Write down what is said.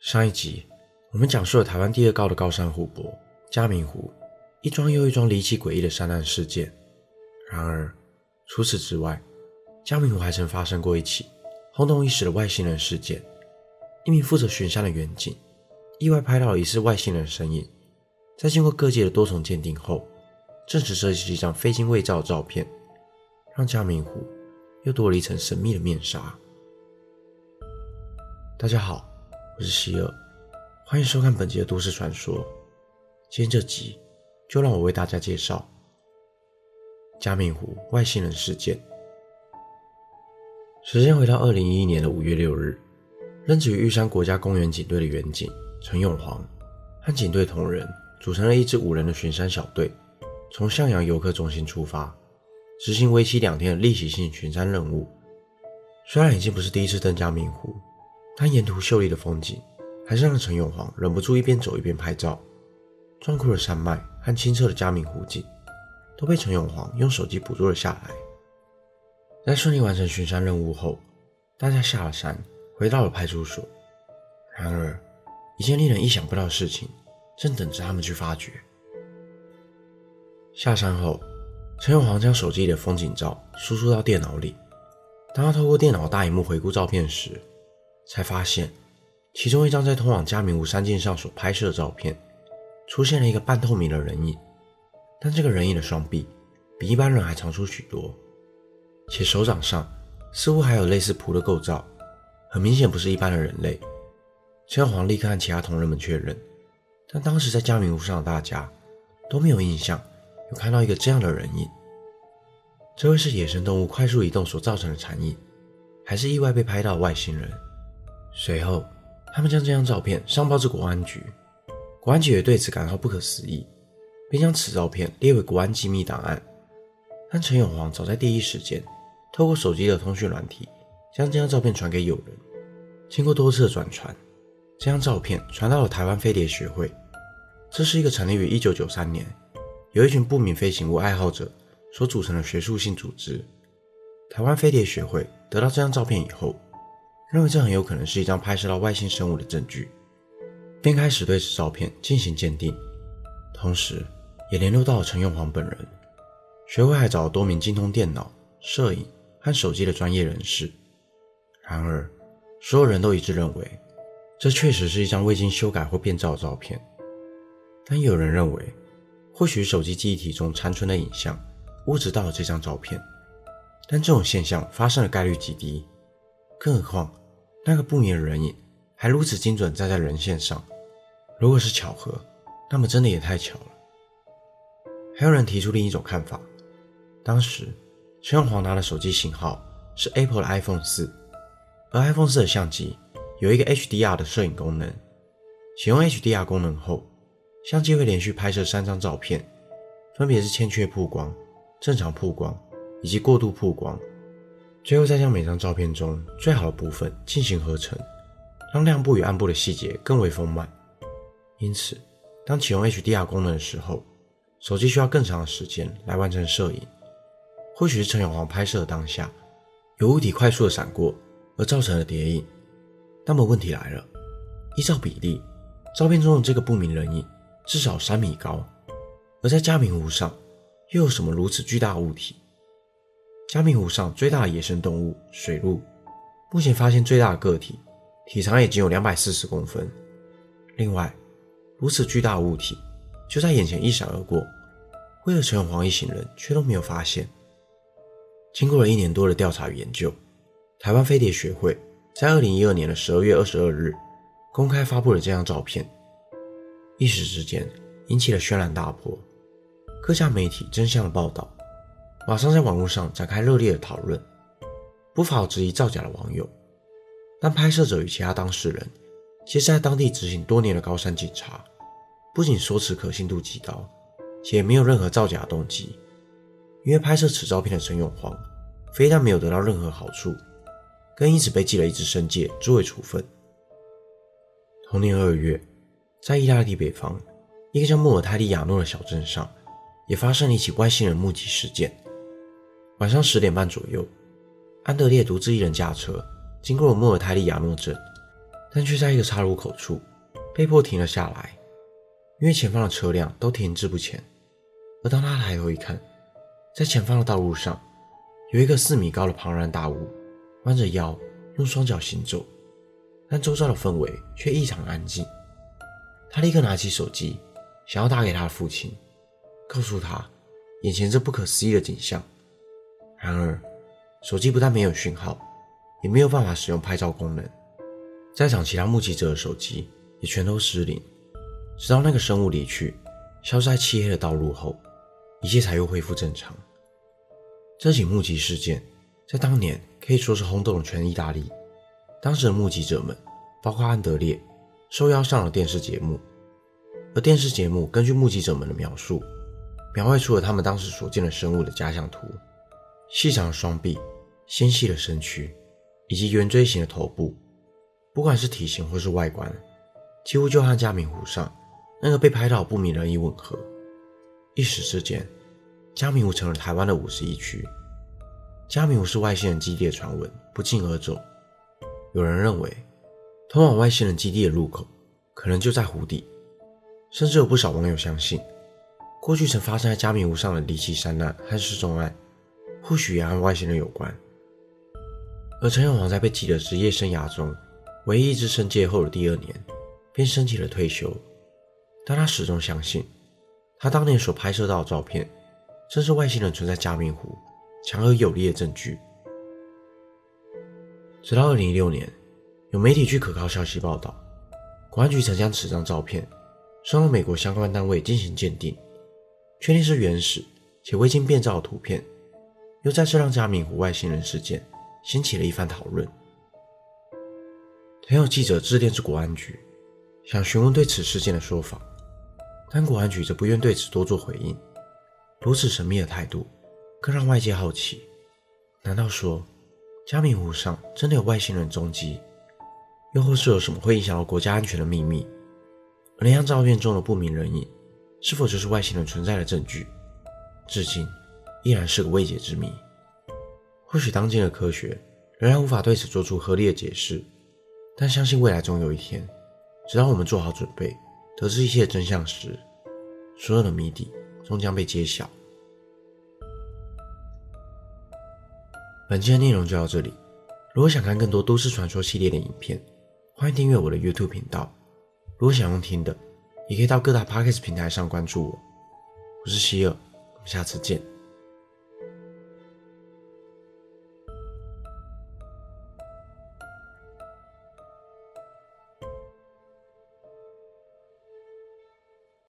上一集我們講述了台灣第二高的高山湖泊嘉明湖，一樁又一樁離奇詭異的山難事件。然而，除此之外，嘉明湖還曾發生過一起轟動一時的外星人事件。一名負責巡山的員警意外拍到了疑似外星人的身影，在經過各界的多重鑑定後，證實這是一張非經偽造的照片，讓嘉明湖又多了一層神秘的面紗。大家好。我是希爾，歡迎收看本集的都市傳說。今天這集就讓我為大家介紹嘉明湖外星人事件。時間回到2011年的5月6日，任職於玉山國家公園警隊的員警陳永煌和警隊同仁組成了一支五人的巡山小隊，從向陽遊客中心出發，執行為期兩天的例行性巡山任務。雖然已經不是第一次登嘉明湖。看沿途秀麗的風景，還是讓陳永煌忍不住一邊走一邊拍照。壯闊的山脈和清澈的嘉明湖景，都被陳永煌用手機捕捉了下來。在順利完成巡山任務後，大家下了山，回到了派出所。然而，一件令人意想不到的事情正等着他們去發掘。下山後，陳永煌將手機裡的風景照輸出到電腦裡。當他透過電腦大螢幕回顧照片時，才發現，其中一張在通往嘉明湖山徑上所拍攝的照片，出現了一個半透明的人影，但這個人影的雙臂比一般人還長出許多，且手掌上似乎還有類似蹼的構造，很明顯不是一般的人類。然黃立刻和其他同仁們確認，但當時在嘉明湖上的大家都沒有印象有看到一個這樣的人影。這會是野生動物快速移動所造成的殘影，還是意外被拍到的外星人？隨後，他們將這張照片上報至國安局，國安局也對此感到不可思議，並將此照片列為國安機密檔案。但陳永煌早在第一時間，透過手機的通訊軟體，將這張照片傳給友人。經過多次的轉傳，這張照片傳到了台灣飛碟學會。這是一個成立於1993年，由一群不明飛行物愛好者所組成的學術性組織。台灣飛碟學會得到這張照片以後，認為這很有可能是一張拍攝到外星生物的證據，便開始對此照片進行鑑定，同時，也聯絡到了陳永煌本人。學會還找了多名精通電腦、攝影和手機的專業人士。然而，所有人都一致認為，這確實是一張未經修改或變造的照片。但也有人認為，或許手機記憶體中殘存的影像複製到了這張照片，但這種現象發生的概率極低，更何況。那個不明人影還如此精準站在人線上，如果是巧合，那麼真的也太巧了。還有人提出另一種看法：當時陳冠華拿的手機型號是 Apple 的 iPhone 四，而 iPhone 四的相機有一個 HDR 的攝影功能。啟用 HDR 功能後，相機會連續拍攝三張照片，分別是欠缺曝光、正常曝光以及過度曝光。最後再將每張照片中最好的部分進行合成，讓亮部與暗部的細節更為豐滿。因此，當啟用 HDR 功能的時候，手機需要更長的時間來完成攝影。或許是陳永煌拍攝的當下，有物體快速的閃過而造成了疊影。那麼問題來了，依照比例，照片中的這個不明人影至少三米高，而在嘉明湖上又有什麼如此巨大的物體？嘉明湖上最大的野生動物水鹿，目前發現最大的個體，體長也僅有兩百四十公分。另外，如此巨大的物體就在眼前一閃而過，為了陳黃一行人卻都沒有發現。經過了一年多的調查與研究，台灣飛碟學會在二零一二年的十二月二十二日，公開發布了這張照片，一時之間引起了軒然大波，各家媒體爭相的報道。馬上在網絡上展開熱烈的討論，不乏質疑造假的網友。但拍攝者與其他當事人其實在當地執行多年的高山警察，不僅說辭可信度極高，且沒有任何造假的動機。因為拍攝此照片的陳永華，非但沒有得到任何好處，更因此被記了一次申誡作為處分。同年二月，在意大利北方一個叫穆爾泰利亞諾的小鎮上，也發生了一起外星人目擊事件。晚上十點半左右，安德烈獨自一人駕車經過了莫爾泰利亞諾鎮，但卻在一個岔路口處被迫停了下來，因為前方的車輛都停滯不前。而當他抬頭一看，在前方的道路上有一個四米高的龐然大物，彎着腰用雙腳行走，但周遭的氛圍卻異常的安靜。他立刻拿起手機，想要打給他的父親，告訴他眼前這不可思議的景象。然而，手機不但沒有訊號，也沒有辦法使用拍照功能。在場其他目擊者的手機也全都失靈。直到那個生物離去，消失在漆黑的道路後，一切才又恢復正常。這起目擊事件在當年可以說是轟動了全意大利。當時的目擊者們，包括安德烈，受邀上了電視節目。而電視節目根據目擊者們的描述，描繪出了他們當時所見的生物的假想圖。細長的雙臂、纖細的身軀，以及圓錐形的頭部，不管是體型或是外觀，幾乎就和嘉明湖上那個被拍到不明人影吻合。一時之間，嘉明湖成了台灣的“五十一區”。嘉明湖是外星人基地的傳聞不脛而走，有人認為通往外星人基地的入口可能就在湖底，甚至有不少網友相信，過去曾發生在嘉明湖上的離奇山難和失蹤案，或許也和外星人有關。而陳永煌在被記了職業生涯中唯一一次懲戒後的第二年，便申請了退休。但他始終相信，他當年所拍攝到的照片，正是外星人存在嘉明湖強而有力的證據。直到二零一六年，有媒體據可靠消息報道，國安局曾將此張照片，送到美國相關單位進行鑑定，確定是原始且未經變造的圖片。又再次讓嘉明湖外星人事件掀起了一番討論。曾有記者致電至國安局，想詢問對此事件的說法，但國安局則不願對此多做回應。如此神秘的態度，更讓外界好奇：難道說嘉明湖上真的有外星人蹤跡？又或是有什麼會影響到國家安全的秘密？而那張照片中的不明人影，是否就是外星人存在的證據？至今，依然是個未解之謎。或許當今的科學仍然無法對此做出合理的解釋，但相信未來終有一天，直到我們做好準備，得知一切真相時，所有的謎底終將被揭曉。本期的內容就到這裡。如果想看更多都市傳說系列的影片，歡迎訂閱我的 YouTube 頻道。如果想用聽的，也可以到各大 Podcast 平台上關注我。我是希爾，我們下次見。